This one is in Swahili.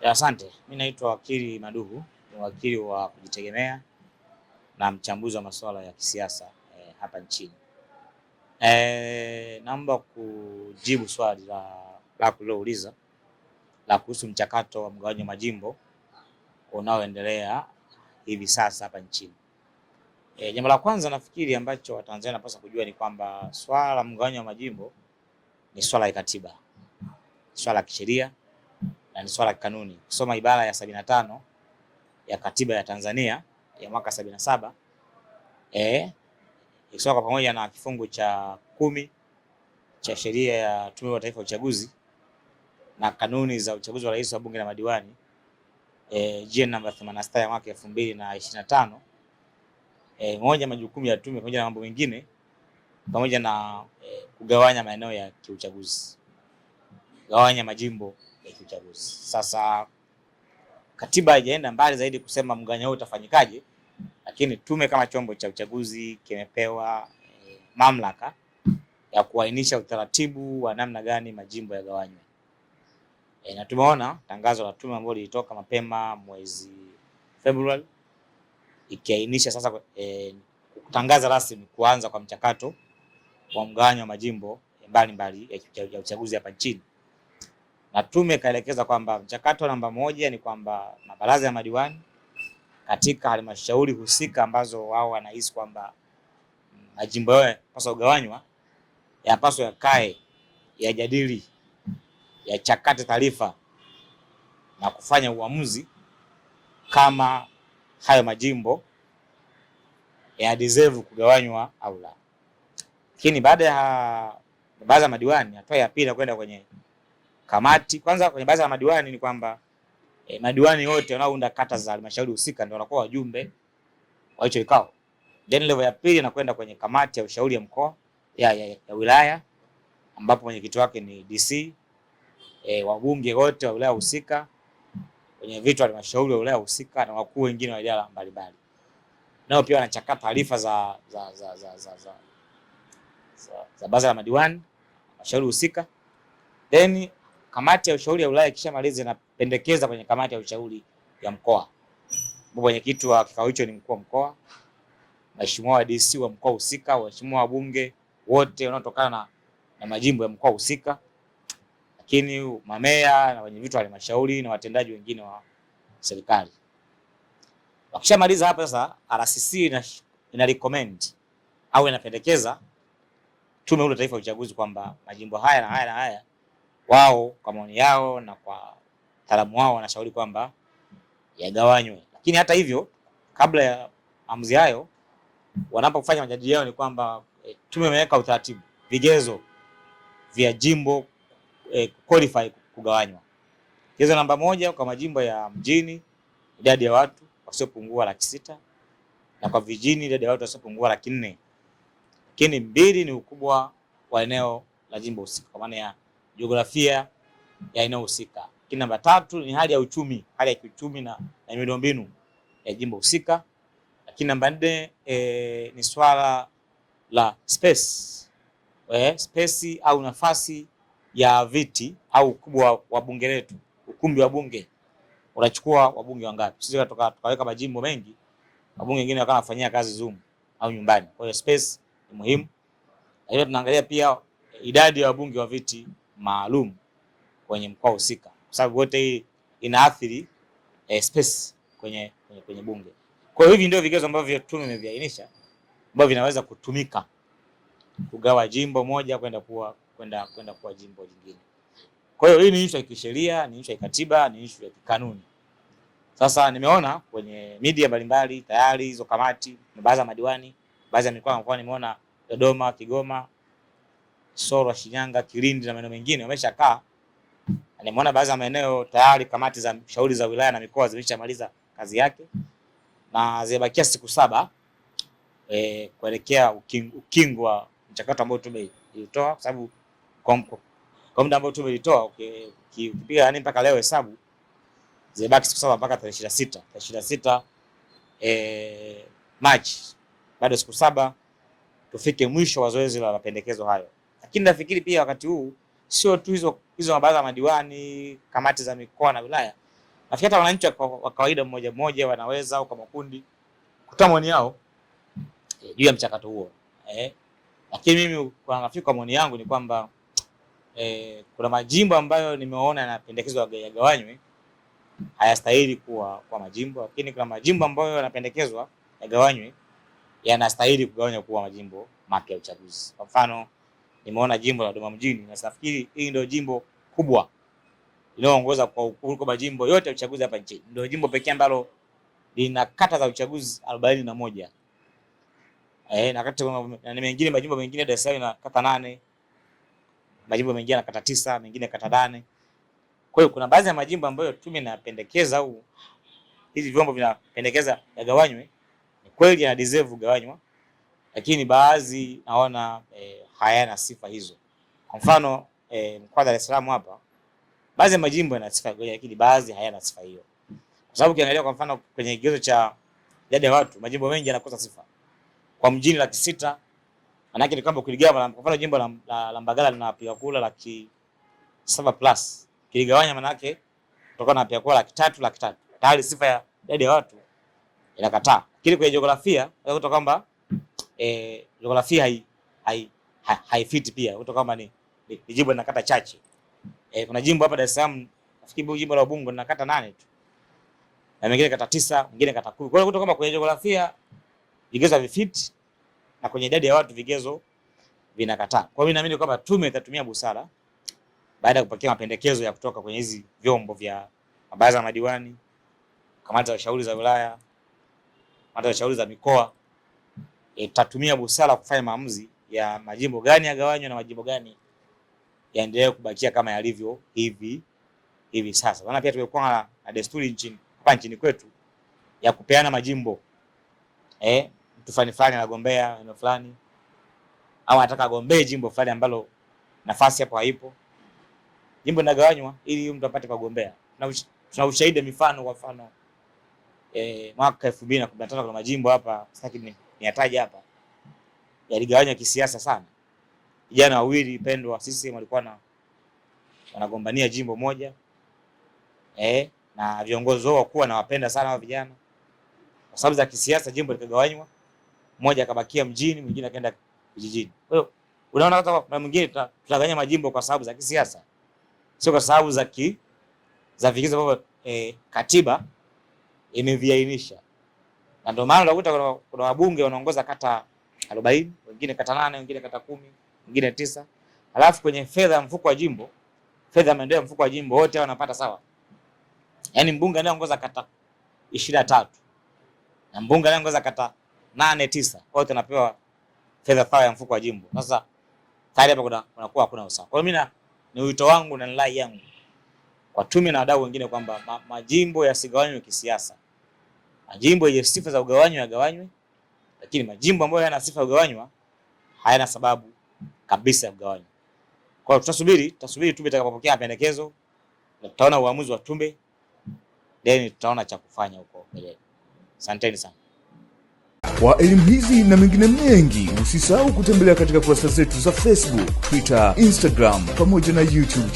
Eh, asante, mi naitwa wakili maduhu ni wakili wa kujitegemea na mchambuzi wa masuala ya kisiasa eh, hapa nchini. Eh, naomba kujibu swali lako lilouliza la kuhusu mchakato wa mgawanyo wa majimbo unaoendelea hivi sasa hapa nchini. E, jambo la kwanza nafikiri ambacho Watanzania wanapaswa kujua ni kwamba swala la mgawanyo wa majimbo ni swala ya katiba, swala ya kisheria na ni swala kikanuni. Kusoma ibara ya sabini na tano ya katiba ya Tanzania ya mwaka sabini na saba eh, ikisoma kwa pamoja na kifungu cha kumi cha sheria ya Tume ya Taifa ya Uchaguzi na kanuni za uchaguzi wa rais wa bunge e, na madiwani eh, GN namba 86 ya mwaka elfu na ishirini eh, moja majukumu ya tume pamoja na mambo mengine pamoja na e, kugawanya maeneo ya kiuchaguzi, kugawanya majimbo ya kiuchaguzi. Sasa katiba haijaenda mbali zaidi kusema mganya huu utafanyikaje, lakini tume kama chombo cha uchaguzi kimepewa e, mamlaka ya kuainisha utaratibu wa namna gani majimbo yagawanywe. E, na tumeona tangazo la tume ambalo lilitoka mapema mwezi Februari ikiainisha sasa e, kutangaza rasmi kuanza kwa mchakato wa mgawanyo wa majimbo mbalimbali ya uchaguzi hapa nchini na tume kaelekeza kwamba mchakato namba moja ni kwamba mabaraza ya madiwani katika halmashauri husika ambazo wao wanahisi kwamba majimbo yao yanapaswa kugawanywa, yanapaswa yakae, yajadili, yachakate taarifa na kufanya uamuzi kama hayo majimbo ya deserve kugawanywa au la. Lakini baada ya baraza ya madiwani, hatua ya pili kwenda kwenye kamati. Kwanza kwenye baraza la madiwani ni kwamba e, madiwani wote wanaounda kata za halmashauri husika ndio wanakuwa wajumbe wa hicho kikao. Then level ya pili inakwenda kwenye kamati ya ushauri ya mkoa ya, ya, ya wilaya ambapo mwenyekiti wake ni DC e, eh, wabunge wote wa wilaya husika, wenye vitu halmashauri wa wilaya husika na wakuu wengine wa idara mbalimbali, nao pia wanachakata taarifa za za za za za, za, za baraza la madiwani halmashauri husika then kamati ya ushauri ya wilaya ikishamaliza inapendekeza kwenye kamati ya ushauri ya mkoa. Mwenyekiti wa kikao hicho ni mkuu wa mkoa, mheshimiwa wadc wa mkoa husika, waheshimiwa wabunge wote wanaotokana na, na majimbo ya mkoa husika, lakini mameya na vitu wa halmashauri na watendaji wengine wa serikali. Wakishamaliza hapa sasa, RCC ina, ina recommend au inapendekeza tume huru ya taifa ya uchaguzi kwamba majimbo haya na haya na haya wao kwa maoni yao na kwa taalamu wao wanashauri kwamba yagawanywe, lakini hata hivyo, kabla ya maamuzi hayo, wanapofanya majadiliano yao ni kwamba e, tume utaratibu, vigezo vya jimbo e, qualify kugawanywa. Kigezo namba moja kwa majimbo ya mjini, idadi ya watu wasiopungua laki sita na kwa vijijini, idadi ya watu wasiopungua laki nne Lakini mbili ni ukubwa wa eneo la jimbo husika kwa maana ya jiografia ya eneo husika. Lakini namba tatu ni hali ya uchumi, hali ya kiuchumi na, na miundombinu ya jimbo husika. Lakini namba nne e, ni swala la space. We, eh, space au nafasi ya viti au ukubwa wa bunge letu, ukumbi wa bunge unachukua wabunge wangapi? Sisi tukaweka majimbo mengi, wabunge wengine wakawa wanafanyia kazi Zoom au nyumbani. Kwa hiyo space ni muhimu. Hiyo tunaangalia pia idadi ya wabunge wa viti maalum kwenye mkoa husika, kwa sababu wote hii inaathiri eh, space kwenye, kwenye, kwenye bunge. Kwa hiyo hivi ndio vigezo ambavyo tume imeviainisha ambavyo vinaweza kutumika kugawa jimbo moja kwenda kuwa kwenda kwenda kuwa jimbo jingine. Kwa hiyo hii ni issue ya kisheria, ni issue ya kikatiba, ni issue ya kikanuni. Sasa nimeona kwenye media mbalimbali tayari hizo kamati na baadhi ya madiwani, baadhi ya mikoa nimeona Dodoma, Kigoma Soro, Shinyanga, Kilindi na maeneo mengine wameshakaa. Nimeona baadhi ya maeneo tayari kamati za shauri za wilaya na mikoa zimeshamaliza kazi yake na zimebakia siku saba e, kuelekea ukingo wa mchakato ambao tumeitoa kwa sababu kwa muda ambao tumeitoa ukipiga yani mpaka leo hesabu zimebaki siku saba mpaka tarehe ishirini na sita tarehe ishirini na sita e, Machi, bado siku saba tufike mwisho wa zoezi la mapendekezo hayo. Lakini nafikiri pia wakati huu sio tu hizo hizo mabaraza ya madiwani, kamati za mikoa na wilaya, nafikiri hata wananchi wa kawaida mmoja mmoja wanaweza au kwa makundi kutoa maoni yao e, juu ya mchakato huo e. Lakini mimi kwa nafikiri kwa maoni yangu ni kwamba e, kuna majimbo ambayo nimeona yanapendekezwa yagawanywe hayastahili kuwa kwa majimbo, lakini kuna majimbo ambayo yanapendekezwa yagawanywe yanastahili kugawanywa kuwa majimbo mapya ya uchaguzi. Kwa mfano nimeona jimbo la Dodoma mjini na nafikiri hii ndio jimbo kubwa inayoongoza kwa ukubwa majimbo yote ya uchaguzi hapa nchini. Ndio jimbo pekee ambalo lina kata za uchaguzi 41 na moja. Eh, na kata na mengine majimbo mengine Dar es Salaam na kata nane. Majimbo mengine na kata tisa, mengine kata nane. Kwa hiyo kuna baadhi ya majimbo ambayo tume inapendekeza au hizi vyombo vinapendekeza yagawanywe. Ni kweli yana deserve kugawanywa. Lakini baadhi naona eh, hayana sifa hizo. Kwa mfano eh, mkoa wa Dar es Salaam hapa baadhi ya majimbo yana sifa hiyo, lakini baadhi hayana sifa hiyo, kwa sababu ukiangalia kwa mfano kwenye kigezo cha idadi ya watu majimbo mengi yanakosa sifa. Kwa mjini laki sita manake ni kwamba ukiligawa, kwa mfano jimbo la, la, la Mbagala lina wapiga kura laki saba plus, kiligawanya manake tutakuwa na wapiga kura laki tatu laki tatu, tayari sifa ya idadi ya watu inakataa. Lakini kwenye jiografia utakuta kwamba eh, jiografia hai, hai ha, haifiti pia uto kama ni, ni, ni jimbo linakata chache eh, kuna jimbo hapa Dar es Salaam nafikiri jimbo la Ubungo linakata nane tu na mengine kata tisa, mengine kata kumi. Kwa hiyo kutoka kama kwenye jiografia vigezo vifiti na kwenye idadi ya watu vigezo vinakataa. Kwa hiyo mimi naamini kwamba tume itatumia busara baada ya kupokea mapendekezo ya kutoka kwenye hizi vyombo vya mabaraza ya madiwani, kamati za ushauri za wilaya, kamati za ushauri za mikoa, itatumia busara kufanya maamuzi ya majimbo gani yagawanywe na majimbo gani yaendelee kubakia kama yalivyo hivi hivi sasa. Maana pia tumekuwa na desturi nchini hapa nchini kwetu ya kupeana majimbo eh, mtu fulani fulani anagombea eneo fulani au anataka agombee jimbo fulani ambalo nafasi hapo haipo, jimbo linagawanywa ili mtu apate kugombea. Tuna ushahidi mifano, kwa mfano eh, mwaka 2015 kuna majimbo hapa sitaki niyataje hapa yaligawanya kisiasa sana. Vijana wawili pendwa sisi walikuwa na wanagombania jimbo moja eh, na viongozi wao wakuwa nawapenda sana hao vijana kwa sababu za kisiasa, jimbo likagawanywa, mmoja akabakia mjini, mwingine akaenda vijijini. Kwa hiyo unaona, hata kuna mwingine tutaganya majimbo kwa sababu za kisiasa, sio kwa sababu za ki za vigezo ambavyo eh, katiba imeviainisha, na ndio maana unakuta kuna wabunge wanaongoza kata arobaini, wengine kata nane, wengine kata kumi, wengine tisa. Alafu kwenye fedha ya mfuko wa jimbo, fedha ya maendeleo ya mfuko wa jimbo wote wanapata sawa. Yaani mbunge anayeongoza kata ishirini na tatu na mbunge anayeongoza kata nane tisa, wote wanapewa fedha sawa ya mfuko wa jimbo. Sasa tayari hapa kuna kuna kuwa hakuna usawa. Kwa hiyo mimi ni wito wangu na nilai yangu kwa tume na wadau wengine kwamba ma, majimbo yasigawanywe kisiasa, majimbo yenye sifa za ugawanywe yagawanywe lakini majimbo ambayo yana sifa ya kugawanywa hayana sababu kabisa ya kugawanywa. Kwa hiyo tutasubiri, tutasubiri tume itakapopokea mapendekezo na tutaona uamuzi wa tume, then tutaona cha kufanya huko mbele. Asanteni sana. Kwa elimu hizi na mengine mengi, usisahau kutembelea katika kurasa zetu za Facebook, Twitter, Instagram pamoja na YouTube.